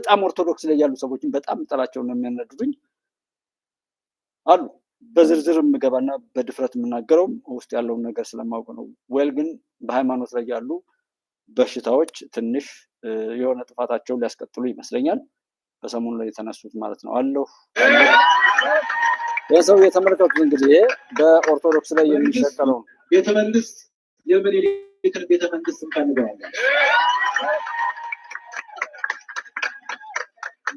በጣም ኦርቶዶክስ ላይ ያሉ ሰዎችን በጣም ጥላቸው ነው የሚያነዱብኝ አሉ። በዝርዝር የምገባና በድፍረት የምናገረውም ውስጥ ያለውን ነገር ስለማውቅ ነው። ወል ግን በሃይማኖት ላይ ያሉ በሽታዎች ትንሽ የሆነ ጥፋታቸውን ሊያስቀጥሉ ይመስለኛል። በሰሞኑ ላይ የተነሱት ማለት ነው አለሁ የሰው የተመለከቱት እንግዲህ በኦርቶዶክስ ላይ የሚሸቀለው ቤተመንግስት የምን ቤተመንግስት እንኳን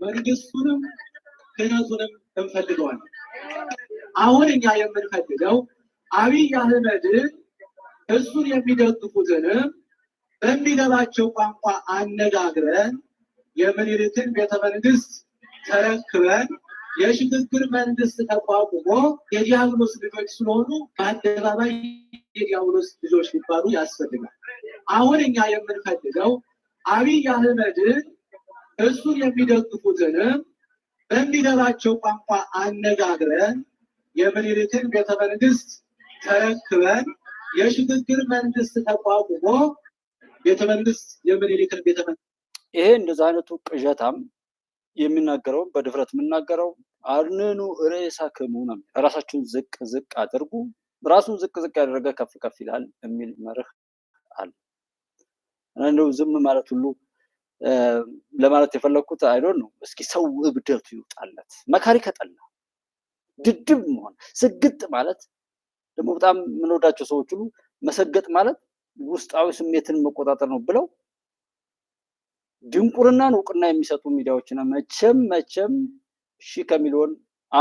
መንግስቱንም ክህነቱንም እንፈልገዋለን። አሁን እኛ የምንፈልገው አብይ አህመድን እሱን የሚደግፉትንም በሚገባቸው ቋንቋ አነጋግረን የምኒልክን ቤተ መንግስት ተረክበን የሽግግር መንግስት ተቋቁሞ የዲያብሎስ ልጆች ስለሆኑ በአደባባይ የዲያብሎስ ልጆች ሊባሉ ያስፈልጋል። አሁን እኛ የምንፈልገው አብይ አህመድን እሱን የሚደግፉትንም በሚገባቸው ቋንቋ አነጋግረን የምኒልክን ቤተ መንግስት ተረክበን የሽግግር መንግስት ተቋቁሞ ቤተ መንግስት የምኒልክን ቤተ መንግስት ይሄ እንደዚህ አይነቱ ቅዠታም የሚናገረው በድፍረት የምናገረው አድንኑ ርዕሳ ክሙ ነው። ራሳችሁን ዝቅ ዝቅ አድርጉ፣ ራሱን ዝቅ ዝቅ ያደረገ ከፍ ከፍ ይላል የሚል መርህ አለ። እንደው ዝም ማለት ሁሉ ለማለት የፈለግኩት አይዶ ነው። እስኪ ሰው እብደቱ ይውጣለት። መካሪ ከጠላ ድድብ መሆን ስግጥ ማለት ደግሞ በጣም የምንወዳቸው ሰዎች ሁሉ መሰገጥ ማለት ውስጣዊ ስሜትን መቆጣጠር ነው ብለው ድንቁርናን እውቅና የሚሰጡ ሚዲያዎችና መቼም መቼም ሺ ከሚሊዮን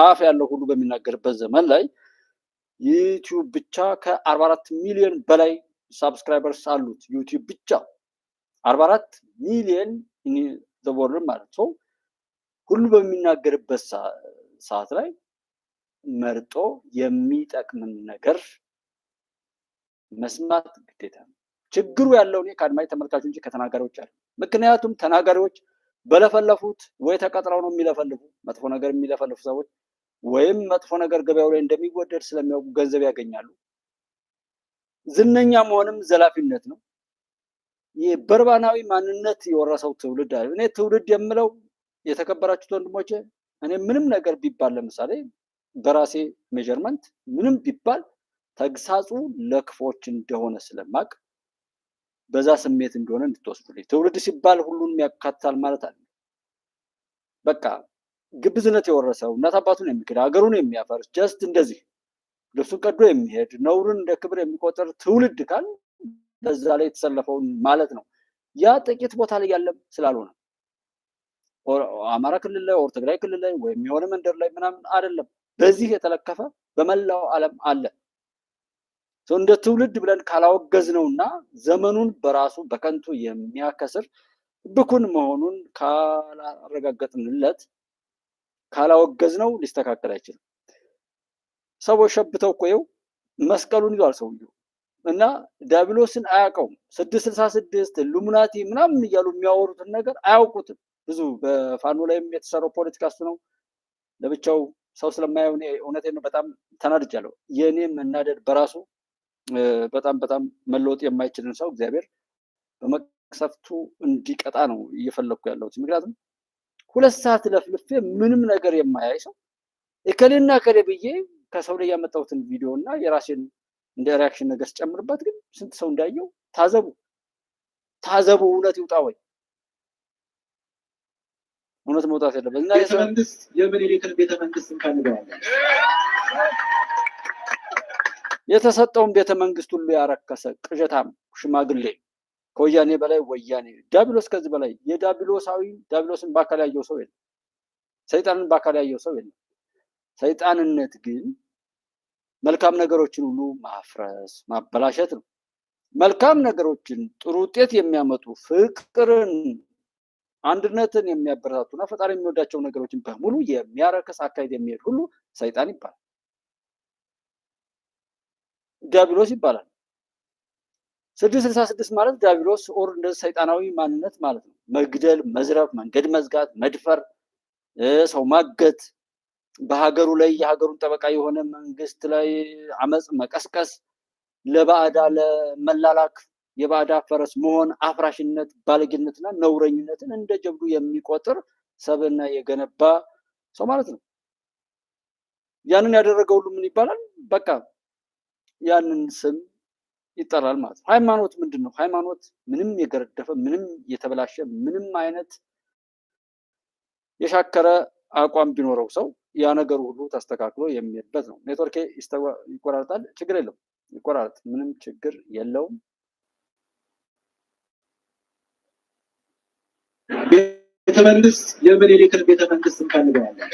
አፍ ያለው ሁሉ በሚናገርበት ዘመን ላይ ዩቲዩብ ብቻ ከአርባ አራት ሚሊዮን በላይ ሳብስክራይበርስ አሉት። ዩቲዩብ ብቻ አርባ አራት ሚሊየን ዘወርልድ ማለት ሰው ሁሉ በሚናገርበት ሰዓት ላይ መርጦ የሚጠቅምን ነገር መስማት ግዴታ ነው። ችግሩ ያለው እኔ ከአድማጭ ተመልካቹ እንጂ ከተናጋሪዎች አለ። ምክንያቱም ተናጋሪዎች በለፈለፉት ወይ ተቀጥረው ነው የሚለፈልፉ መጥፎ ነገር የሚለፈልፉ ሰዎች ወይም መጥፎ ነገር ገበያው ላይ እንደሚወደድ ስለሚያውቁ ገንዘብ ያገኛሉ። ዝነኛ መሆንም ዘላፊነት ነው። በርባናዊ ማንነት የወረሰው ትውልድ አለ። እኔ ትውልድ የምለው የተከበራችሁት ወንድሞቼ፣ እኔ ምንም ነገር ቢባል ለምሳሌ በራሴ ሜጀርመንት ምንም ቢባል ተግሳጹ ለክፎች እንደሆነ ስለማቅ በዛ ስሜት እንደሆነ እንድትወስዱልኝ። ትውልድ ሲባል ሁሉንም ያካትታል ማለት አለ። በቃ ግብዝነት የወረሰው እናት አባቱን የሚክድ ሀገሩን የሚያፈርስ ጀስት እንደዚህ ልብሱን ቀዶ የሚሄድ ነውርን እንደ ክብር የሚቆጠር ትውልድ ካል በዛ ላይ የተሰለፈውን ማለት ነው። ያ ጥቂት ቦታ ላይ ያለም ስላልሆነ አማራ ክልል ላይ ኦር ትግራይ ክልል ላይ ወይም የሆነ መንደር ላይ ምናምን አይደለም። በዚህ የተለከፈ በመላው ዓለም አለ። እንደ ትውልድ ብለን ካላወገዝ ነው እና ዘመኑን በራሱ በከንቱ የሚያከስር ብኩን መሆኑን ካላረጋገጥንለት ካላወገዝ ነው ሊስተካከል አይችልም። ሰዎች ሸብተው እኮ ይኸው መስቀሉን ይዟል ሰውየው። እና ዳብሎስን አያውቀውም። ስድስት ስልሳ ስድስት ሉሙናቲ ምናምን እያሉ የሚያወሩትን ነገር አያውቁትም። ብዙ በፋኖ ላይም የተሰራው ፖለቲካ እሱ ነው። ለብቻው ሰው ስለማየው እኔ እውነቴን ነው በጣም ተናድጃለሁ። የእኔ መናደድ በራሱ በጣም በጣም መለወጥ የማይችልን ሰው እግዚአብሔር በመቅሰፍቱ እንዲቀጣ ነው እየፈለግኩ ያለሁት። ምክንያቱም ሁለት ሰዓት ለፍልፌ ምንም ነገር የማያይ ሰው እከሌና እከሌ ብዬ ከሰው ላይ ያመጣሁትን ቪዲዮ እና የራሴን እንደ ሪያክሽን ነገር ስጨምርበት ግን ስንት ሰው እንዳየው ታዘቡ ታዘቡ። እውነት ይውጣ ወይ እውነት መውጣት ያለበት እና ቤተመንግስት የምኒልክን ቤተመንግስት ሁሉ ያረከሰ ቅዠታም ሽማግሌ ከወያኔ በላይ ወያኔ ዳብሎስ ከዚህ በላይ የዳብሎሳዊ ዳብሎስን በአካል ያየው ሰው የለም። ሰይጣንን በአካል ያየው ሰው የለም። ሰይጣንነት ግን መልካም ነገሮችን ሁሉ ማፍረስ ማበላሸት ነው። መልካም ነገሮችን ጥሩ ውጤት የሚያመጡ ፍቅርን፣ አንድነትን የሚያበረታቱና ፈጣሪ የሚወዳቸው ነገሮችን በሙሉ የሚያረከስ አካሄድ የሚሄድ ሁሉ ሰይጣን ይባላል፣ ዲያብሎስ ይባላል። ስድስት ስልሳ ስድስት ማለት ዲያብሎስ ኦር እንደ ሰይጣናዊ ማንነት ማለት ነው። መግደል፣ መዝረፍ፣ መንገድ መዝጋት፣ መድፈር፣ ሰው ማገት በሀገሩ ላይ የሀገሩን ጠበቃ የሆነ መንግስት ላይ አመፅ መቀስቀስ፣ ለባዕዳ ለመላላክ የባዕዳ ፈረስ መሆን፣ አፍራሽነት፣ ባለጌነትና ነውረኝነትን እንደ ጀብዱ የሚቆጥር ሰብና የገነባ ሰው ማለት ነው። ያንን ያደረገ ሁሉ ምን ይባላል? በቃ ያንን ስም ይጠራል ማለት ነው። ሃይማኖት ምንድን ነው? ሃይማኖት ምንም የገረደፈ ምንም የተበላሸ ምንም አይነት የሻከረ አቋም ቢኖረው ሰው ያ ነገሩ ሁሉ ተስተካክሎ የሚሄድበት ነው። ኔትወርኬ ይቆራርጣል ችግር የለውም ይቆራርጥ፣ ምንም ችግር የለውም። ቤተመንግስት የምኒልክን ቤተመንግስት እንቀንበዋለን።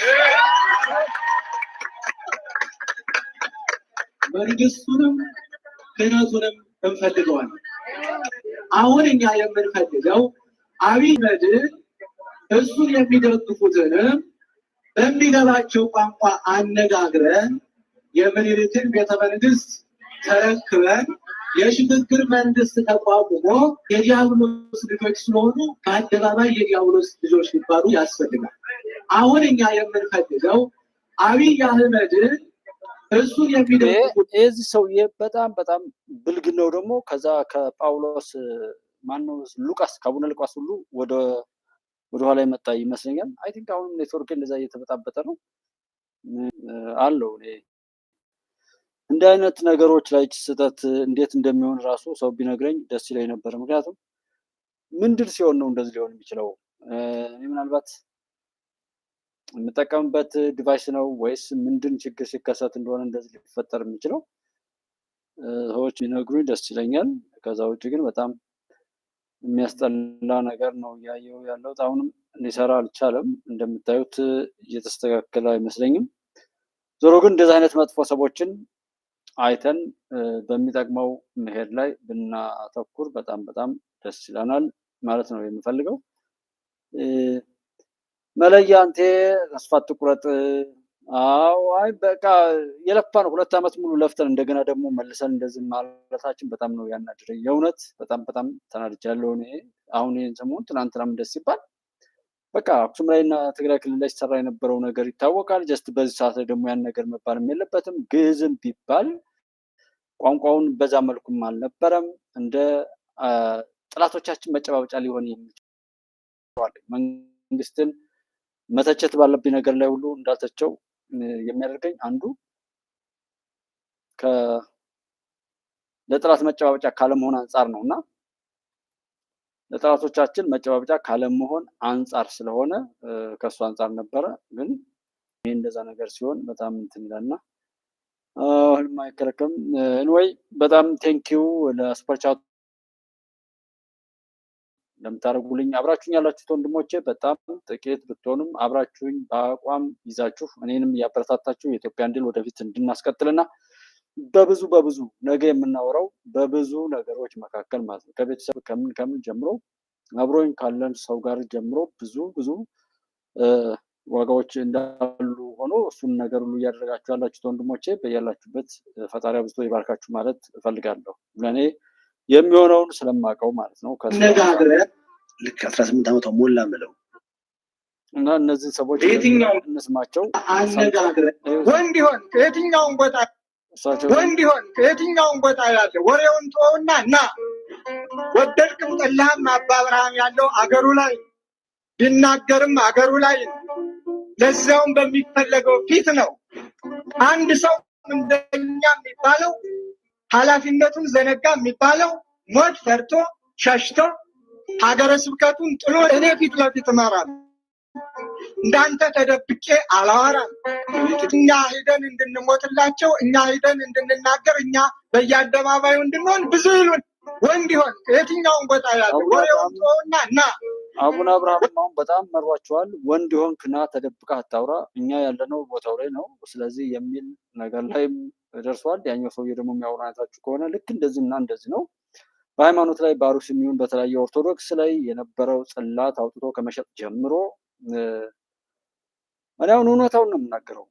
መንግስቱንም ክህነቱንም እንፈልገዋለን። አሁን እኛ የምንፈልገው አብይ መድን እሱን የሚደግፉትንም በሚገባቸው ቋንቋ አነጋግረን የምኒልክን ቤተመንግስት ተረክበን የሽግግር መንግስት ተቋቁሞ የዲያብሎስ ልጆች ስለሆኑ በአደባባይ የዲያብሎስ ልጆች ሊባሉ ያስፈልጋል። አሁን እኛ የምንፈልገው አብይ አህመድን እሱ የሚደግፉ የዚህ ሰውዬ በጣም በጣም ብልግናው ደግሞ ከዛ ከጳውሎስ ማነው ሉቃስ ከአቡነ ሉቃስ ሁሉ ወደ ወደኋላ የመጣ ይመስለኛል። አይ ቲንክ አሁንም ኔትወርክ እንደዛ እየተበጣበጠ ነው አለው። እንዲህ አይነት ነገሮች ላይ ስህተት እንዴት እንደሚሆን ራሱ ሰው ቢነግረኝ ደስ ይለኝ ነበር። ምክንያቱም ምንድን ሲሆን ነው እንደዚህ ሊሆን የሚችለው? እኔ ምናልባት የምጠቀምበት ዲቫይስ ነው ወይስ ምንድን ችግር ሲከሰት እንደሆነ እንደዚህ ሊፈጠር የሚችለው ሰዎች ቢነግሩኝ ደስ ይለኛል። ከዛ ውጭ ግን በጣም የሚያስጠላ ነገር ነው እያየው ያለሁት። አሁንም ሊሰራ አልቻለም። እንደምታዩት እየተስተካከለ አይመስለኝም። ዞሮ ግን እንደዚህ አይነት መጥፎ ሰዎችን አይተን በሚጠቅመው መሄድ ላይ ብናተኩር በጣም በጣም ደስ ይለናል ማለት ነው የምፈልገው። መለያ አንቴ ተስፋ ትቁረጥ። አዎ አይ በቃ የለፋን ሁለት ዓመት ሙሉ ለፍተን እንደገና ደግሞ መልሰን እንደዚህ ማለታችን በጣም ነው ያናድረኝ። የእውነት በጣም በጣም ተናድጃለሁ እኔ አሁን ይህን ሰሞን ትናንትናም ደስ ሲባል በቃ አክሱም ላይ እና ትግራይ ክልል ላይ ሲሰራ የነበረው ነገር ይታወቃል። ጀስት በዚህ ሰዓት ላይ ደግሞ ያን ነገር መባልም የለበትም። ግዕዝም ቢባል ቋንቋውን በዛ መልኩም አልነበረም እንደ ጥላቶቻችን መጨባበጫ ሊሆን የሚችል መንግስትን መተቸት ባለብኝ ነገር ላይ ሁሉ እንዳልተቸው የሚያደርገኝ አንዱ ለጥራት መጨባበጫ ካለመሆን አንጻር ነው እና ለጥራቶቻችን መጨባበጫ ካለመሆን አንጻር ስለሆነ ከእሱ አንጻር ነበረ። ግን ይህ እንደዛ ነገር ሲሆን በጣም እንትን ይላልና ህልም አይከለከልም። እንወይ በጣም ቴንኪው ለሱፐርቻቱ እንደምታደርጉልኝ አብራችሁኝ ያላችሁት ወንድሞቼ በጣም ጥቂት ብትሆኑም አብራችሁኝ በአቋም ይዛችሁ እኔንም እያበረታታችሁ የኢትዮጵያን ድል ወደፊት እንድናስቀጥልና በብዙ በብዙ ነገ የምናወራው በብዙ ነገሮች መካከል ማለት ነው። ከቤተሰብ ከምን ከምን ጀምሮ አብሮኝ ካለን ሰው ጋር ጀምሮ ብዙ ብዙ ዋጋዎች እንዳሉ ሆኖ እሱን ነገር ሁሉ እያደረጋችሁ ያላችሁት ወንድሞቼ በያላችሁበት ፈጣሪ አብዝቶ ይባርካችሁ ማለት እፈልጋለሁ ለእኔ የሚሆነውን ስለማውቀው ማለት ነው። ከነጋግረ ልክ አስራ ስምንት ዓመቷ ሞላ ምለው እና እነዚህ ሰዎች እንስማቸው። አነጋግረ ወንድ ይሆን ከየትኛውን ቦታ ወንድ ይሆን ከየትኛውን ቦታ ያለ ወሬውን ተወውና እና ወደድክም ጠላህም አባ አብርሃም ያለው አገሩ ላይ ቢናገርም አገሩ ላይ ለዚያውም በሚፈለገው ፊት ነው። አንድ ሰው እንደኛ የሚባለው ኃላፊነቱን ዘነጋ የሚባለው ሞት ፈርቶ ሸሽቶ ሀገረ ስብከቱን ጥሎ እኔ ፊት ለፊት እመራለሁ፣ እንዳንተ ተደብቄ አላወራም። እኛ ሂደን እንድንሞትላቸው፣ እኛ ሂደን እንድንናገር፣ እኛ በየአደባባዩ እንድንሆን ብዙ ይሉን ወንድ ይሆን የትኛውን ቦታ ያለ ወሬውና አቡነ አብርሃም አሁን በጣም መሯቸዋል። ወንድ ሆንክና ና ተደብቀህ አታውራ፣ እኛ ያለነው ቦታው ላይ ነው። ስለዚህ የሚል ነገር ላይም ደርሷል። ያኛው ሰውዬ ደግሞ የሚያወሩ አይነታችሁ ከሆነ ልክ እንደዚህ እና እንደዚህ ነው በሃይማኖት ላይ በአሩስ የሚሆን በተለያየ ኦርቶዶክስ ላይ የነበረው ጽላት አውጥቶ ከመሸጥ ጀምሮ እኔ አሁን እውነታውን ነው የምናገረው።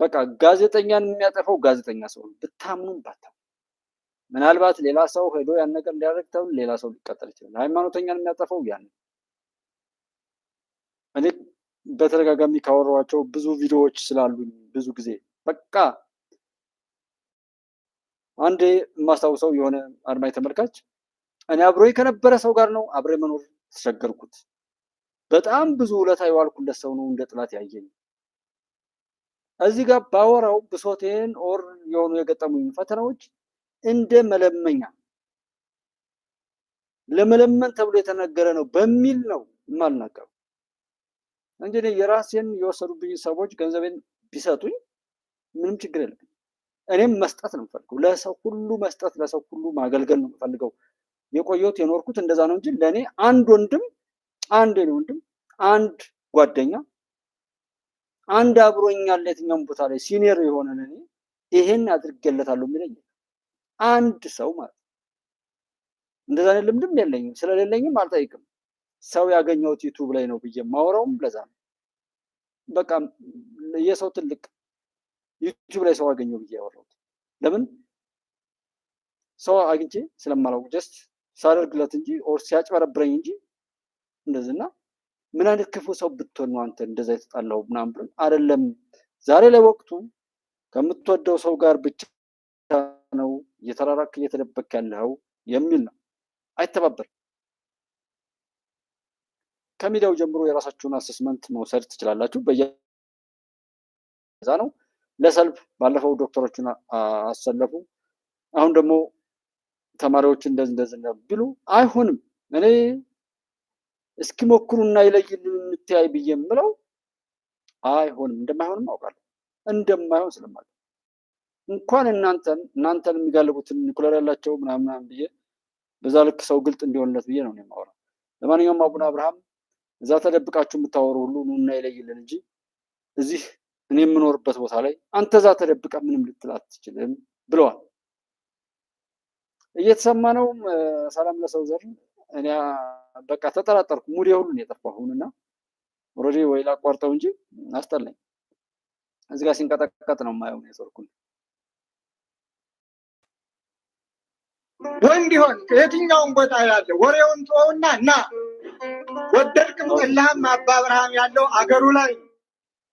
በቃ ጋዜጠኛን የሚያጠፋው ጋዜጠኛ ሰው ነው፣ ብታምኑም ባታ ምናልባት ሌላ ሰው ሄዶ ያን ነገር እንዲያደርግ ተብሎ ሌላ ሰው ሊቀጠል ይችላል። ሃይማኖተኛን የሚያጠፋው ያን እኔ በተደጋጋሚ ካወራኋቸው ብዙ ቪዲዮዎች ስላሉኝ ብዙ ጊዜ በቃ አንድ የማስታውሰው የሆነ አድማጭ ተመልካች እኔ አብሮ ከነበረ ሰው ጋር ነው አብሬ መኖር ተቸገርኩት። በጣም ብዙ ውለታ የዋልኩለት ሰው ነው እንደ ጥላት ያየኝ። እዚህ ጋር ባወራው ብሶቴን ኦር የሆኑ የገጠሙኝ ፈተናዎች እንደ መለመኛ ለመለመን ተብሎ የተነገረ ነው በሚል ነው የማልናገረው እንጂ የራሴን የወሰዱብኝ ሰዎች ገንዘቤን ቢሰጡኝ ምንም ችግር የለም። እኔም መስጠት ነው የምፈልገው። ለሰው ሁሉ መስጠት፣ ለሰው ሁሉ ማገልገል ነው የምፈልገው። የቆየሁት የኖርኩት እንደዛ ነው እንጂ ለእኔ አንድ ወንድም አንድ ወንድም አንድ ጓደኛ አንድ አብሮኛል የትኛውም ቦታ ላይ ሲኒየር የሆነ ለእኔ ይሄን አድርጌለታለሁ የሚለኝ አንድ ሰው ማለት ነው። እንደዛ አይነት ልምድም የለኝም፣ ስለሌለኝም አልጠይቅም። ሰው ያገኘሁት ዩቱብ ላይ ነው ብዬ የማወራውም ለዛ ነው። በቃ የሰው ትልቅ ዩቲዩብ ላይ ሰው አገኘው ብዬ ያወራሁት ለምን ሰው አግኝቼ ስለማላውቅ ጀስት ሳደርግለት እንጂ ኦር ሲያጭበረብረኝ እንጂ እንደዚህና ምን አይነት ክፉ ሰው ብትሆን ነው አንተ እንደዛ የተጣላው ምናምን ብለን አይደለም። ዛሬ ላይ ወቅቱ ከምትወደው ሰው ጋር ብቻ ነው እየተራራክ እየተደበክ ያለው የሚል ነው። አይተባበርም። ከሚዲያው ጀምሮ የራሳችሁን አሰስመንት መውሰድ ትችላላችሁ። በየዛ ነው ለሰልፍ ባለፈው ዶክተሮችን አሰለፉ። አሁን ደግሞ ተማሪዎች እንደዚህ እንደዚህ ቢሉ አይሆንም። እኔ እስኪሞክሩና ይለይልን የምትያይ ብዬ የምለው አይሆንም፣ እንደማይሆንም አውቃለሁ። እንደማይሆን ስለማለ እንኳን እናንተን እናንተን የሚጋልቡትን ኒኩለር ያላቸው ምናምናም ብዬ በዛ ልክ ሰው ግልጥ እንዲሆንለት ብዬ ነው የማወራው። ለማንኛውም አቡነ አብርሃም እዛ ተደብቃችሁ የምታወሩ ሁሉ ኑና ይለይልን እንጂ እዚህ እኔ የምኖርበት ቦታ ላይ አንተ እዛ ተደብቀ ምንም ልትል አትችልም ብለዋል። እየተሰማ ነው። ሰላም ለሰው ዘር እኔ በቃ ተጠራጠርኩ። ሙዴ ሁሉን የጠፋ ሁንና ኦልሬዲ ወይ ላቋርጠው እንጂ አስጠላኝ። እዚህ ጋር ሲንቀጠቀጥ ነው የማየው ኔትወርኩን። ወንድ ይሆን የትኛውን ቦታ ያለ ወሬውን ተወውና እና ወደድክም ጠላህም አባ ብርሃም ያለው አገሩ ላይ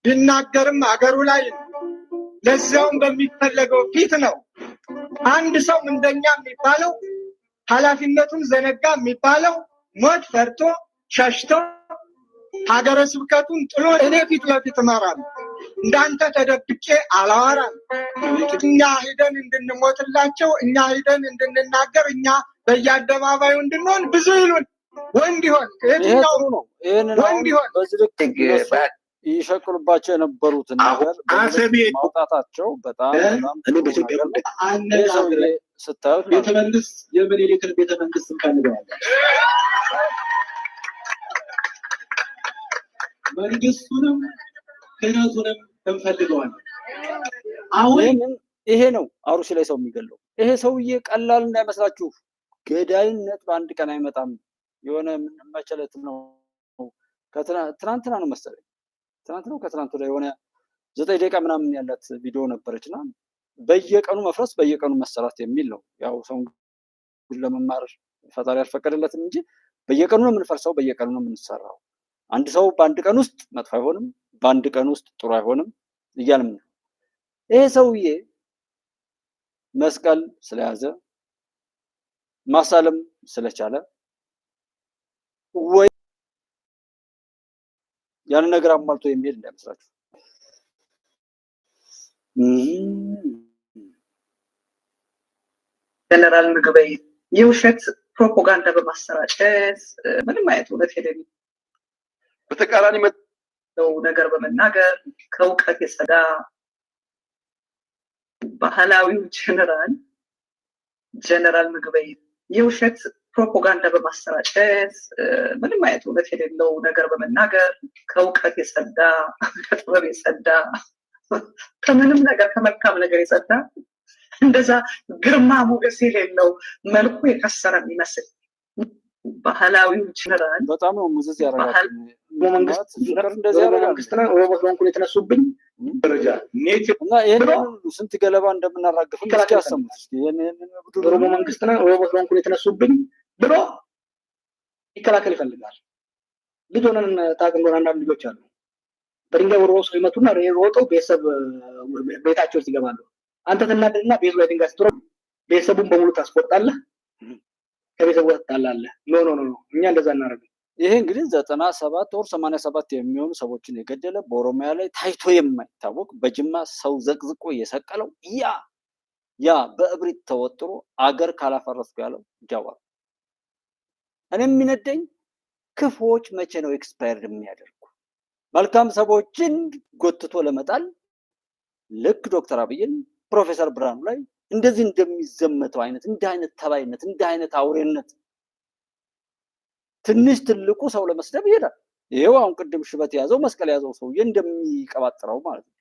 ቢናገርም አገሩ ላይ ለዚያውም በሚፈለገው ፊት ነው። አንድ ሰው እንደኛ የሚባለው ኃላፊነቱን ዘነጋ የሚባለው ሞት ፈርቶ ሸሽቶ ሀገረ ስብከቱን ጥሎ እኔ ፊት ለፊት እመራለሁ፣ እንዳንተ ተደብቄ አላወራም። እኛ ሂደን እንድንሞትላቸው፣ እኛ ሂደን እንድንናገር፣ እኛ በየአደባባዩ እንድንሆን ብዙ ይሉን ወንድ ይሆን ነው ወንድ ይሆን ይሸቅሉባቸው የነበሩት ነገር ማውጣታቸው በጣም ስታዩት ቤተመንግስት የምኒልክን ቤተመንግስት እንፈልገዋለን። መንግስቱንም ክህነቱንም እንፈልገዋለን። አሁን ይሄ ነው አሩሲ ላይ ሰው የሚገለው። ይሄ ሰውዬ ቀላል እንዳይመስላችሁ፣ ገዳይነት በአንድ ቀን አይመጣም። የሆነ የምንመቸለት ነው። ትናንትና ነው መሰለኝ ትናንት ነው ከትናንት ወዲያ የሆነ ዘጠኝ ደቂቃ ምናምን ያላት ቪዲዮ ነበረች እና በየቀኑ መፍረስ በየቀኑ መሰራት የሚል ነው። ያው ሰው ለመማር ፈጣሪ አልፈቀደለትም እንጂ በየቀኑ ነው የምንፈርሰው፣ በየቀኑ ነው የምንሰራው። አንድ ሰው በአንድ ቀን ውስጥ መጥፎ አይሆንም፣ በአንድ ቀን ውስጥ ጥሩ አይሆንም እያልም ነው። ይሄ ሰውዬ መስቀል ስለያዘ ማሳለም ስለቻለ ወይ ያንን ነገር አሟልቶ የሚሄድ እንዳይመስላችሁ። ጀነራል ምግበይ የውሸት ፕሮፓጋንዳ በማሰራጨት ምንም አይነት እውነት የሌለው በተቃራኒ ነው ነገር በመናገር ከእውቀት የጸዳ ባህላዊው ጀነራል ጀነራል ምግበይ የውሸት ፕሮፓጋንዳ በማሰራጨት ምንም አይነት እውነት የሌለው ነገር በመናገር ከእውቀት የጸዳ ከጥበብ የጸዳ ከምንም ነገር ከመልካም ነገር የጸዳ እንደዛ ግርማ ሞገስ የሌለው መልኩ የከሰረ የሚመስል ባህላዊ ጀነራል በጣም ነው ሙዝዝ ያረጋል። የተነሱብኝ ደረጃ እና ይህን ስንት ገለባ እንደምናራግፍ እስኪ ያሰሙት ሮቦት በንኩል የተነሱብኝ ብሎ ይከላከል ይፈልጋል። ልጅ ሆነን ታቅምዶን አንዳንድ ልጆች አሉ በድንጋይ ወርወሮ ሰው ይመቱና ሮጠው ቤተሰብ ቤታቸው ውስጥ ይገባሉ። አንተ ትናደድና ቤቱ ላይ ድንጋይ ስትሮ ቤተሰቡን በሙሉ ታስቆጣለህ፣ ከቤተሰቡ ትጣላለህ። ኖ ኖ ኖ እኛ እንደዛ እናደርግ። ይሄ እንግዲህ ዘጠና ሰባት ወር ሰማንያ ሰባት የሚሆኑ ሰዎችን የገደለ በኦሮሚያ ላይ ታይቶ የማይታወቅ በጅማ ሰው ዘቅዝቆ የሰቀለው ያ ያ በእብሪት ተወጥሮ አገር ካላፈረስኩ ያለው ጃዋር እኔ የሚነደኝ ክፉዎች መቼ ነው ኤክስፓየርድ የሚያደርጉ? መልካም ሰዎችን ጎትቶ ለመጣል ልክ ዶክተር አብይን ፕሮፌሰር ብርሃኑ ላይ እንደዚህ እንደሚዘመተው አይነት እንደ አይነት ተባይነት እንደ አይነት አውሬነት ትንሽ ትልቁ ሰው ለመስደብ ይሄዳል። ይሄው አሁን ቅድም ሽበት የያዘው መስቀል የያዘው ሰውዬ እንደሚቀባጥረው ማለት ነው።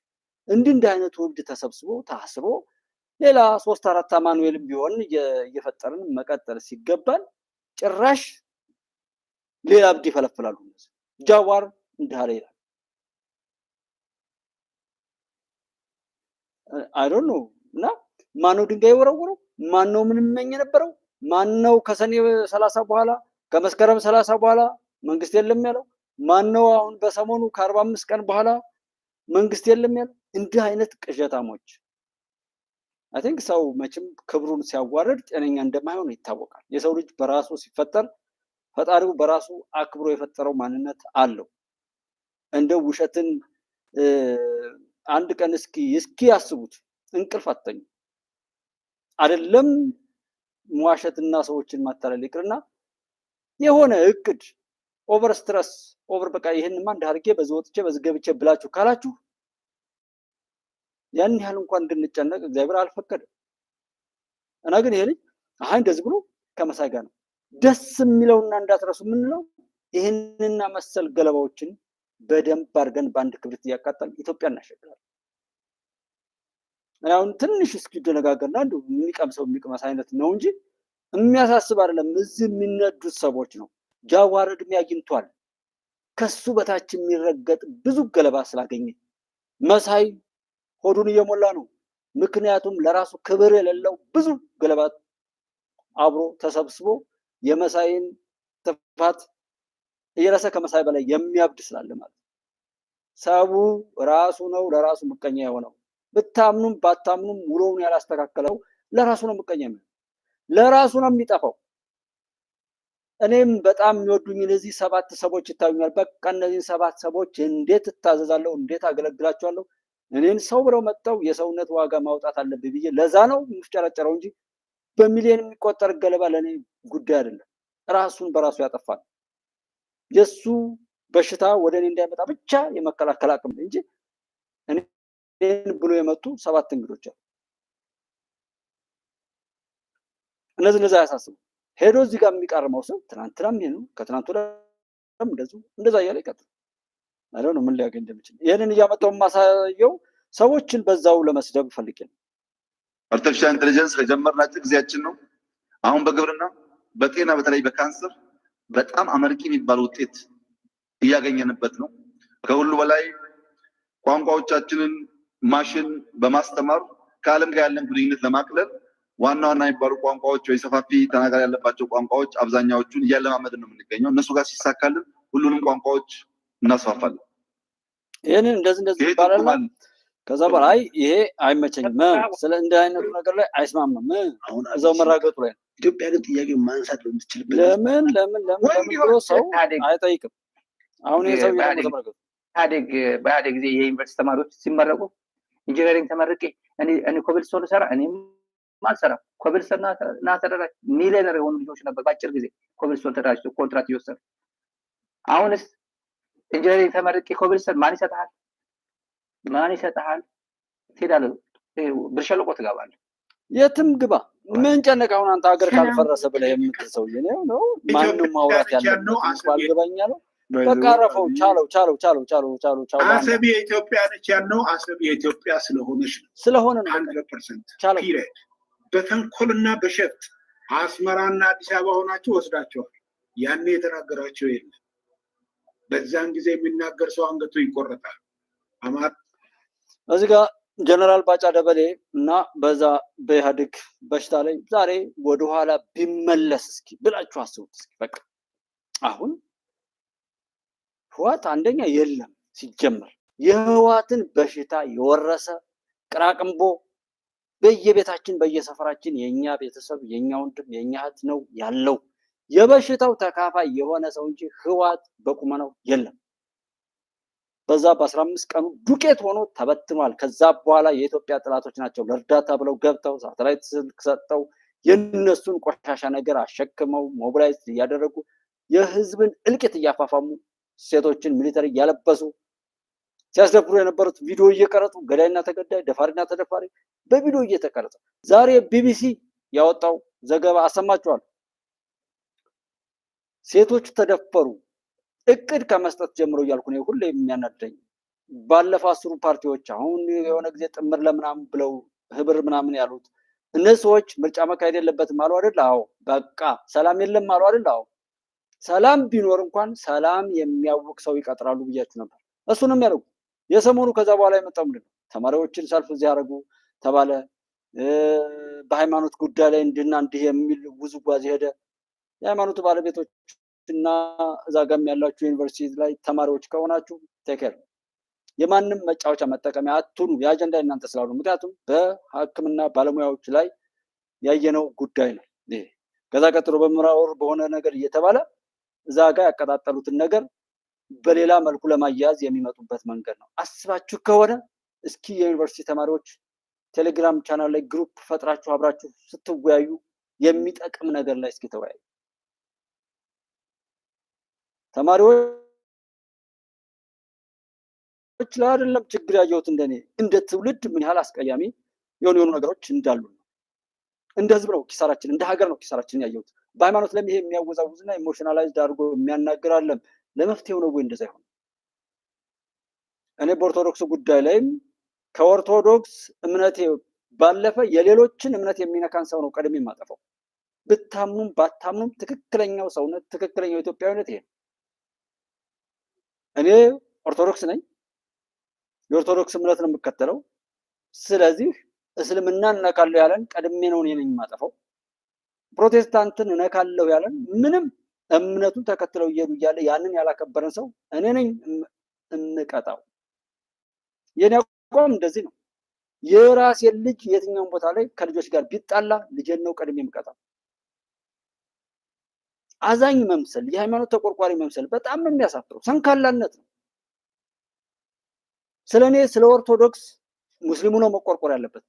እንዲህ እንደ አይነቱ ውብድ ተሰብስቦ ታስሮ ሌላ ሶስት አራት አማኑኤልም ቢሆን እየፈጠርን መቀጠል ሲገባል ጭራሽ ሌላ እብድ ይፈለፍላሉ። ጃዋር እንዳለ ይላል። አይዶን ነው እና ማን ነው ድንጋይ ወረወረው? ማን ነው ምን መኝ የነበረው? ማን ነው ከሰኔ ሰላሳ በኋላ ከመስከረም ሰላሳ በኋላ መንግስት የለም ያለው? ማን ነው አሁን በሰሞኑ ከአርባ አምስት ቀን በኋላ መንግስት የለም ያለው? እንዲህ አይነት ቅዠታሞች አይ ቲንክ ሰው መቼም ክብሩን ሲያዋርድ ጤነኛ እንደማይሆን ይታወቃል። የሰው ልጅ በራሱ ሲፈጠር ፈጣሪው በራሱ አክብሮ የፈጠረው ማንነት አለው። እንደው ውሸትን አንድ ቀን እስኪ እስኪ ያስቡት፣ እንቅልፍ አተኙ። አይደለም መዋሸትና ሰዎችን ማታለል ይቅርና የሆነ እቅድ ኦቨር ስትረስ ኦቨር በቃ ይህንማ እንዳርጌ በዚህ ወጥቼ በዚህ ገብቼ ብላችሁ ካላችሁ ያን ያህል እንኳን እንድንጨነቅ እግዚአብሔር አልፈቀደም እና ግን ይሄ ልጅ አሀ እንደዚህ ብሎ ከመሳይ ጋር ነው ደስ የሚለውና እንዳትረሱ የምንለው ይህንና መሰል ገለባዎችን በደንብ አድርገን በአንድ ክብሪት እያቃጠል ኢትዮጵያ እናሸግራለን። አሁን ትንሽ እስኪ ደነጋገርና የሚቀምሰው የሚቅመስ አይነት ነው እንጂ የሚያሳስብ አይደለም። እዚህ የሚነዱት ሰዎች ነው። ጃዋር እድሜ አግኝቷል። ከሱ በታች የሚረገጥ ብዙ ገለባ ስላገኘ መሳይ ሆዱን እየሞላ ነው። ምክንያቱም ለራሱ ክብር የሌለው ብዙ ገለባት አብሮ ተሰብስቦ የመሳይን ጥፋት እየረሰ ከመሳይ በላይ የሚያብድ ስላለ ማለት ሰቡ ራሱ ነው ለራሱ ምቀኛ የሆነው። ብታምኑም ባታምኑም ውሎውን ያላስተካከለው ለራሱ ነው ምቀኛ የሚሆነው፣ ለራሱ ነው የሚጠፋው። እኔም በጣም የሚወዱኝ እነዚህ ሰባት ሰቦች ይታዩኛል። በቃ እነዚህን ሰባት ሰቦች እንዴት እታዘዛለሁ? እንዴት አገለግላቸዋለሁ? እኔን ሰው ብለው መጥተው የሰውነት ዋጋ ማውጣት አለብኝ ብዬ ለዛ ነው የምፍጨረጨረው እንጂ በሚሊዮን የሚቆጠር ገለባ ለእኔ ጉዳይ አይደለም። ራሱን በራሱ ያጠፋል። የእሱ በሽታ ወደ እኔ እንዳይመጣ ብቻ የመከላከል አቅም እንጂ እኔን ብሎ የመጡ ሰባት እንግዶች አሉ። እነዚህ እነዚ አያሳስቡ። ሄዶ እዚህ ጋር የሚቃርመው ሰው ትናንትናም ይሄ ነው፣ ከትናንት ወዲያም እንደዚሁ እንደዛ እያለ ይቀጥል። አይ ነው ምን ሊያገኝ እንደሚችል ይህንን እያመጣው የማሳየው ሰዎችን በዛው ለመስደብ ፈልጌ ነው። አርቲፊሻል ኢንቴሊጀንስ ከጀመርን ጊዜያችን ነው። አሁን በግብርና በጤና በተለይ በካንሰር በጣም አመርቂ የሚባል ውጤት እያገኘንበት ነው። ከሁሉ በላይ ቋንቋዎቻችንን ማሽን በማስተማር ከዓለም ጋር ያለን ግንኙነት ለማቅለል ዋና ዋና የሚባሉ ቋንቋዎች ወይ ሰፋፊ ተናጋሪ ያለባቸው ቋንቋዎች አብዛኛዎቹን እያለማመድን ነው የምንገኘው። እነሱ ጋር ሲሳካልን ሁሉንም ቋንቋዎች እናስፋፋለን። ይህንን እንደዚህ እንደዚህ ይባላል። ከዛ በኋላ አይ ይሄ አይመቸኝም፣ ስለ እንዲህ አይነቱ ነገር ላይ አይስማማም። እዛው መራገጡ ላይ ነው። ኢትዮጵያ ግን ጥያቄ ማንሳት በምትችልበት ለምን ለምን ለምን ብሎ ሰው አይጠይቅም። አሁን ይሄ ሰው ተመረገጡ ኢህአዴግ በኢህአዴግ ጊዜ የዩኒቨርሲቲ ተማሪዎች ሲመረቁ ኢንጂነሪንግ ተመርቄ እኔ ኮብልስቶን ሰራ እኔም አልሰራም ኮብልስቶን ና ተደራጅ ሚሊዮነር የሆኑ ልጆች ነበር። በአጭር ጊዜ ኮብልስቶን ተደራጅ ኮንትራት እየወሰዱ አሁንስ ኢንጂነሪንግ ተመርቄ ኮብል ማን ይሰጥሃል? ማን ይሰጥሃል? ትሄዳለህ፣ ብር ሸለቆ ትገባለህ። የትም ግባ፣ ምን ጨነቅ አሁን አንተ ሀገር ካልፈረሰ ብለህ የምትሰው ሰውዬ ነው። ማንም ማውራት ያለበት ነው። በቃ አረፈው። ቻለው ቻለው ቻለው ቻለው ቻለው ቻለው። አሰብ የኢትዮጵያ ነች ያልነው አሰብ የኢትዮጵያ ስለሆነች ነው ስለሆነ ነው። ሀንድረድ ፐርሰንት ፒሪድ። በተንኮልና በሸፍጥ አስመራና አዲስ አበባ ሆናችሁ ወስዳቸዋል። ያኔ የተናገራቸው የለም በዛን ጊዜ የሚናገር ሰው አንገቱ ይቆረጣል። አማት እዚህ ጋር ጀነራል ባጫ ደበሌ እና በዛ በኢህአዴግ በሽታ ላይ ዛሬ ወደኋላ ቢመለስ እስኪ ብላችሁ አስቡት እስኪ በቃ አሁን ህዋት አንደኛ የለም ሲጀመር የህዋትን በሽታ የወረሰ ቅራቅንቦ በየቤታችን በየሰፈራችን የኛ ቤተሰብ የኛ ወንድም የኛ እህት ነው ያለው። የበሽታው ተካፋይ የሆነ ሰው እንጂ ህዋት በቁመነው የለም። በዛ በ15 ቀኑ ዱቄት ሆኖ ተበትኗል። ከዛ በኋላ የኢትዮጵያ ጥላቶች ናቸው ለእርዳታ ብለው ገብተው ሳተላይት ስልክ ሰጠው የነሱን ቆሻሻ ነገር አሸክመው ሞቢላይዝ እያደረጉ የህዝብን እልቂት እያፋፋሙ ሴቶችን ሚሊተሪ እያለበሱ ሲያስደፍሩ የነበሩት ቪዲዮ እየቀረጹ ገዳይና ተገዳይ ደፋሪና ተደፋሪ በቪዲዮ እየተቀረጸ ዛሬ ቢቢሲ ያወጣው ዘገባ አሰማችኋል። ሴቶች ተደፈሩ። እቅድ ከመስጠት ጀምሮ እያልኩ ነው ሁሌ የሚያናደኝ። ባለፈው አስሩ ፓርቲዎች አሁን የሆነ ጊዜ ጥምር ለምናምን ብለው ህብር ምናምን ያሉት እነዚህ ሰዎች ምርጫ መካሄድ የለበትም አሉ አይደል? አዎ። በቃ ሰላም የለም አሉ አይደል? አዎ። ሰላም ቢኖር እንኳን ሰላም የሚያውቅ ሰው ይቀጥራሉ ብያችሁ ነበር። እሱንም ያደርጉ የሰሞኑ ከዛ በኋላ የመጣው ምንድን ነው? ተማሪዎችን ሰልፍ እዚህ ያደረጉ ተባለ። በሃይማኖት ጉዳይ ላይ እንድና እንዲህ የሚል ውዝጓዝ ሄደ። የሃይማኖቱ ባለቤቶች እና እዛ ጋም ያላችሁ ዩኒቨርሲቲ ላይ ተማሪዎች ከሆናችሁ ቴኬር የማንም መጫወቻ መጠቀሚያ አትሁኑ። የአጀንዳ እናንተ ስላሉ ምክንያቱም በሕክምና ባለሙያዎች ላይ ያየነው ጉዳይ ነው። ከዛ ቀጥሎ በምራወር በሆነ ነገር እየተባለ እዛ ጋር ያቀጣጠሉትን ነገር በሌላ መልኩ ለማያያዝ የሚመጡበት መንገድ ነው። አስባችሁ ከሆነ እስኪ የዩኒቨርሲቲ ተማሪዎች ቴሌግራም ቻናል ላይ ግሩፕ ፈጥራችሁ አብራችሁ ስትወያዩ የሚጠቅም ነገር ላይ እስኪ ተወያዩ። ተማሪዎች ላይ አይደለም ችግር ያየሁት እንደኔ እንደ ትውልድ ምን ያህል አስቀያሚ የሆኑ የሆኑ ነገሮች እንዳሉ ነው። እንደ ህዝብ ነው ኪሳራችን፣ እንደ ሀገር ነው ኪሳራችን ያየሁት። በሃይማኖት ለም ይሄ የሚያወዛውዝና ኢሞሽናላይዝድ አድርጎ የሚያናግር አለም ለመፍትሄው ነው ወይ እንደዛ ይሆን? እኔ በኦርቶዶክስ ጉዳይ ላይም ከኦርቶዶክስ እምነቴ ባለፈ የሌሎችን እምነት የሚነካን ሰው ነው ቀድሜ የማጠፈው። ብታምኑም ባታምኑም ትክክለኛው ሰውነት ትክክለኛው ኢትዮጵያዊነት ይሄ ነው። እኔ ኦርቶዶክስ ነኝ፣ የኦርቶዶክስ እምነት ነው የምከተለው። ስለዚህ እስልምናን እነካለሁ ያለን ቀድሜ ነው እኔ ነኝ ፕሮቴስታንትን እነካለሁ ያለን ምንም እምነቱን ተከትለው እየሄዱ እያለ ያንን ያላከበረን ሰው እኔ ነኝ እንቀጣው። የኔ አቋም እንደዚህ ነው። የራሴን ልጅ የትኛውን ቦታ ላይ ከልጆች ጋር ቢጣላ ልጄን ነው ቀድሜ የምቀጣው። አዛኝ መምሰል፣ የሃይማኖት ተቆርቋሪ መምሰል በጣም ነው የሚያሳፍረው። ሰንካላነት ነው። ስለ እኔ ስለ ኦርቶዶክስ ሙስሊሙ ነው መቆርቆር ያለበት፣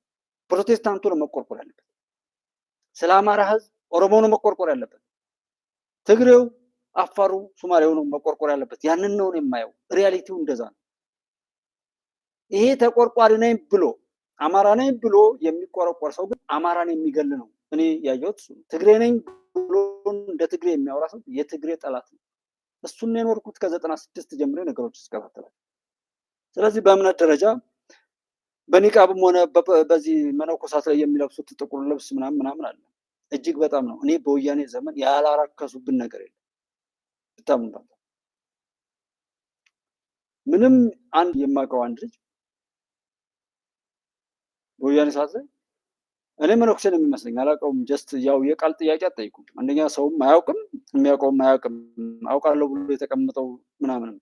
ፕሮቴስታንቱ ነው መቆርቆር ያለበት። ስለ አማራ ህዝብ ኦሮሞ ነው መቆርቆር ያለበት፣ ትግሬው፣ አፋሩ፣ ሶማሌው ነው መቆርቆር ያለበት። ያንን ነው የማየው። ሪያሊቲው እንደዛ ነው። ይሄ ተቆርቋሪ ነኝ ብሎ አማራ ነኝ ብሎ የሚቆረቆር ሰው ግን አማራን የሚገል ነው። እኔ ያየሁት ትግሬ ነኝ ብሎን እንደ ትግሬ የሚያወራ ሰው የትግሬ ጠላት ነው። እሱን የኖርኩት ከዘጠና ስድስት ጀምሬ ነገሮች ስከታተላል። ስለዚህ በእምነት ደረጃ በኒቃብም ሆነ በዚህ መነኮሳት ላይ የሚለብሱት ጥቁር ልብስ ምናምን ምናምን አለ እጅግ በጣም ነው። እኔ በወያኔ ዘመን ያላረከሱብን ነገር የለም። በጣም ምንም አንድ የማውቀው አንድ ልጅ በወያኔ ሰዓት ላይ እኔ መነኩሴ ነው የሚመስለኝ፣ አላውቀውም። ጀስት ያው የቃል ጥያቄ አጠይቁ። አንደኛ ሰውም አያውቅም፣ የሚያውቀውም አያውቅም። አውቃለሁ ብሎ የተቀመጠው ምናምንም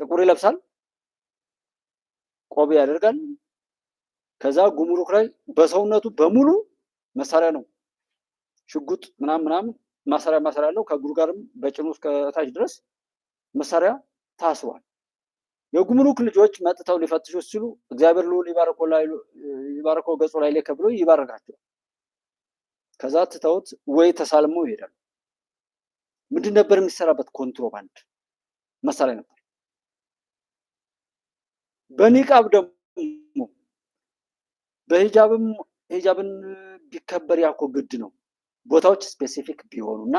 ጥቁር ይለብሳል፣ ቆብ ያደርጋል። ከዛ ጉምሩክ ላይ በሰውነቱ በሙሉ መሳሪያ ነው፣ ሽጉጥ ምናም ምናምን ማሰሪያ ማሰሪያ አለው። ከእግሩ ጋርም በጭኑ እስከታች ድረስ መሳሪያ ታስሯል። የጉምሩክ ልጆች መጥተው ሊፈትሹ ሲሉ እግዚአብሔር ልዑል ይባረከው ገጹ ላይ ሌከ ብሎ ይባረካቸው። ከዛ ትተውት ወይ ተሳልመው ይሄዳሉ። ምንድን ነበር የሚሰራበት? ኮንትሮባንድ መሳሪያ ነበር። በኒቃብ ደግሞ በሂጃብም ሂጃብን ቢከበር ያኮ ግድ ነው ቦታዎች ስፔሲፊክ ቢሆኑ እና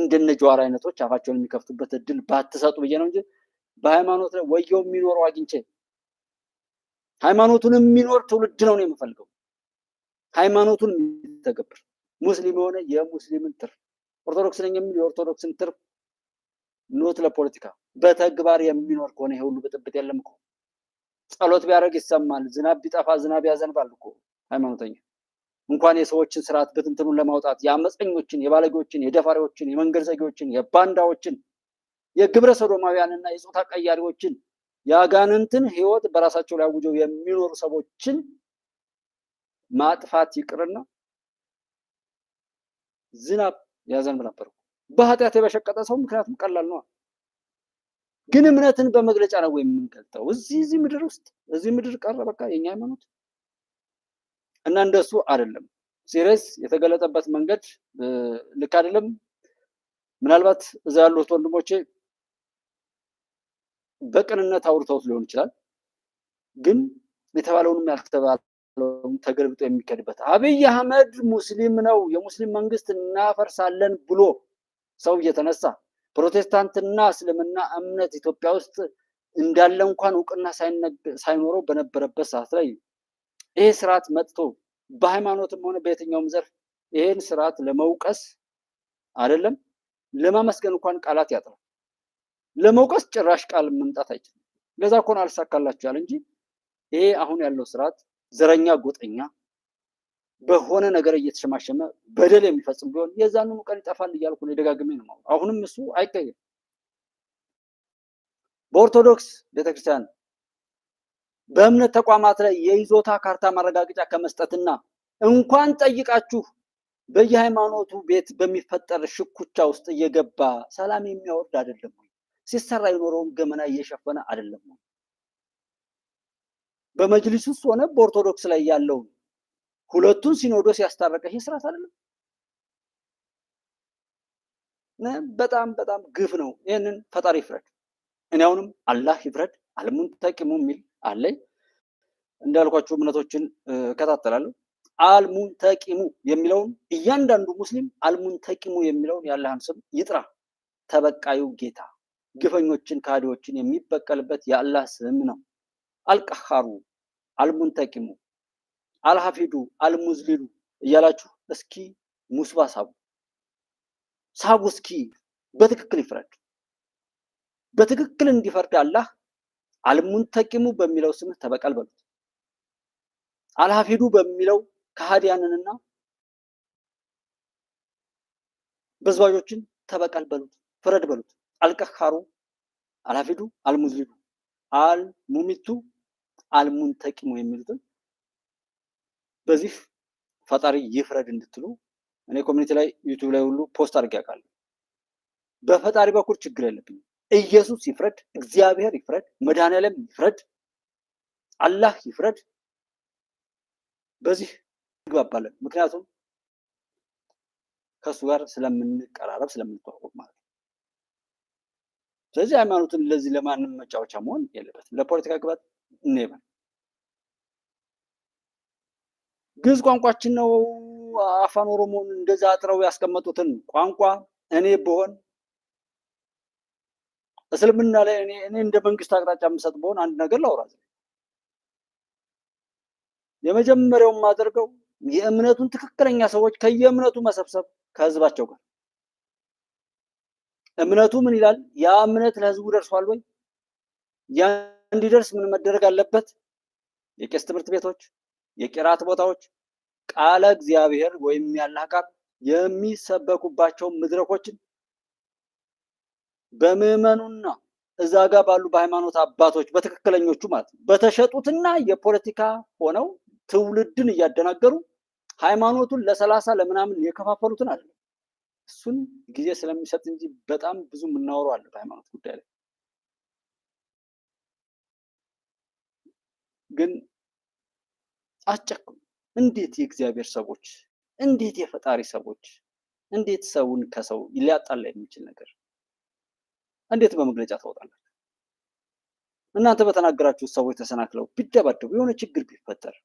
እንደነ ጀዋር አይነቶች አፋቸውን የሚከፍቱበት እድል ባትሰጡ ብዬ ነው እንጂ በሃይማኖት ላይ ወየው የሚኖረው አግኝቼ ሃይማኖቱን የሚኖር ትውልድ ነው የምፈልገው። ሃይማኖቱን የሚተገብር ሙስሊም የሆነ የሙስሊምን ትርፍ፣ ኦርቶዶክስ ነኝ የሚል የኦርቶዶክስን ትርፍ ኖት ለፖለቲካ በተግባር የሚኖር ከሆነ ይሄ ሁሉ ብጥብጥ የለም እኮ። ጸሎት ቢያደርግ ይሰማል። ዝናብ ቢጠፋ ዝናብ ያዘንባል እኮ። ሃይማኖተኛ እንኳን የሰዎችን ስርዓት ብትንትኑን ለማውጣት የአመፀኞችን፣ የባለጌዎችን፣ የደፋሪዎችን፣ የመንገድ ዘጌዎችን፣ የባንዳዎችን የግብረ ሰዶማውያንና የጾታ ቀያሪዎችን የአጋንንትን ህይወት በራሳቸው ላይ አውጀው የሚኖሩ ሰዎችን ማጥፋት ይቅርና ዝናብ ያዘንብ ነበር። በኃጢአት የበሸቀጠ ሰው ምክንያቱም ቀላል ነው። ግን እምነትን በመግለጫ ነው የምንገልጠው። እዚህ እዚህ ምድር ውስጥ እዚህ ምድር ቀረ በቃ የኛ ሃይማኖት እና እንደሱ አይደለም። ሲሪየስ የተገለጠበት መንገድ ልክ አይደለም። ምናልባት እዛ ያሉት ወንድሞቼ በቅንነት አውርተውት ሊሆን ይችላል። ግን የተባለውንም ያልተባለውም ተገልብጦ የሚከድበት አብይ አህመድ ሙስሊም ነው የሙስሊም መንግስት እናፈርሳለን ብሎ ሰው እየተነሳ ፕሮቴስታንትና እስልምና እምነት ኢትዮጵያ ውስጥ እንዳለ እንኳን እውቅና ሳይኖረው በነበረበት ሰዓት ላይ ይህ ስርዓት መጥቶ በሃይማኖትም ሆነ በየትኛውም ዘርፍ ይሄን ስርዓት ለመውቀስ አይደለም ለማመስገን እንኳን ቃላት ያጥራል። ለመውቀስ ጭራሽ ቃል መምጣት አይችልም። ለዛ ኮን አልሳካላችኋል እንጂ ይሄ አሁን ያለው ስርዓት ዘረኛ፣ ጎጠኛ በሆነ ነገር እየተሸማሸመ በደል የሚፈጽም ቢሆን የዛን ቀን ይጠፋል እያልኩ ነው። የደጋግሜ ነው። አሁንም እሱ አይቀየም። በኦርቶዶክስ ቤተክርስቲያን በእምነት ተቋማት ላይ የይዞታ ካርታ ማረጋገጫ ከመስጠትና እንኳን ጠይቃችሁ በየሃይማኖቱ ቤት በሚፈጠር ሽኩቻ ውስጥ እየገባ ሰላም የሚያወርድ አይደለም። ሲሰራ የኖረውን ገመና እየሸፈነ አይደለም። በመጅሊስ ውስጥ ሆነ በኦርቶዶክስ ላይ ያለውን ሁለቱን ሲኖዶስ ያስታረቀ ይሄ ስርዓት አይደለም። በጣም በጣም ግፍ ነው። ይህንን ፈጣሪ ይፍረድ። እኔ አሁንም አላህ ይፍረድ ተቂሙ የሚል አለኝ። እንዳልኳቸው እምነቶችን እከታተላለሁ። ተቂሙ የሚለውን እያንዳንዱ ሙስሊም አልሙን ተቂሙ የሚለውን የአላህን ስም ይጥራ። ተበቃዩ ጌታ ግፈኞችን፣ ካዲዎችን የሚበቀልበት የአላህ ስም ነው። አልቀሃሩ፣ አልሙንተቂሙ፣ አልሐፊዱ፣ አልሙዝሊሉ እያላችሁ እስኪ ሙስባ ሳቡ ሳቡ። እስኪ በትክክል ይፍረድ። በትክክል እንዲፈርድ አላህ አልሙንተቂሙ በሚለው ስም ተበቀል በሉት። አልሐፊዱ በሚለው ከሃዲያንንና በዝባዦችን ተበቀል በሉት፣ ፍረድ በሉት። አልቀካሩ አላፊዱ አልሙዝሊዱ አልሙሚቱ አልሙንተቂሙ የሚሉትን በዚህ ፈጣሪ ይፍረድ እንድትሉ እኔ ኮሚኒቲ ላይ ዩቱብ ላይ ሁሉ ፖስት አድርጌ አውቃለሁ። በፈጣሪ በኩል ችግር የለብኝም። ኢየሱስ ይፍረድ፣ እግዚአብሔር ይፍረድ፣ መድኃኔዓለም ይፍረድ፣ አላህ ይፍረድ። በዚህ እንግባባለን። ምክንያቱም ከእሱ ጋር ስለምንቀራረብ ስለምንተዋወቅ ማለት ነው። ስለዚህ ሃይማኖትን ለዚህ ለማንም መጫወቻ መሆን የለበትም። ለፖለቲካ ግባት ኔቨር። ግዕዝ ቋንቋችን ነው። አፋን ኦሮሞን እንደዛ አጥረው ያስቀመጡትን ቋንቋ እኔ ብሆን እስልምና ላይ እኔ እንደ መንግስት አቅጣጫ የምሰጥ ብሆን አንድ ነገር ላውራ። የመጀመሪያውን ማደርገው የእምነቱን ትክክለኛ ሰዎች ከየእምነቱ መሰብሰብ ከህዝባቸው ጋር እምነቱ ምን ይላል? ያ እምነት ለህዝቡ ደርሷል ወይ? ያ እንዲደርስ ምን መደረግ አለበት? የቄስ ትምህርት ቤቶች፣ የቂራት ቦታዎች፣ ቃለ እግዚአብሔር ወይም ያላህ ቃል የሚሰበኩባቸው መድረኮችን በምዕመኑና እዛ ጋር ባሉ በሃይማኖት አባቶች በትክክለኞቹ ማለት ነው በተሸጡትና የፖለቲካ ሆነው ትውልድን እያደናገሩ ሃይማኖቱን ለሰላሳ ለምናምን የከፋፈሉትን አይደለም እሱን ጊዜ ስለሚሰጥ እንጂ በጣም ብዙ የምናወረው አለ በሃይማኖት ጉዳይ ላይ ግን አጨኩም። እንዴት የእግዚአብሔር ሰዎች፣ እንዴት የፈጣሪ ሰዎች፣ እንዴት ሰውን ከሰው ሊያጣላ የሚችል ነገር እንዴት በመግለጫ ታወጣላችሁ? እናንተ በተናገራችሁት ሰዎች ተሰናክለው ቢደባደቡ የሆነ ችግር ቢፈጠር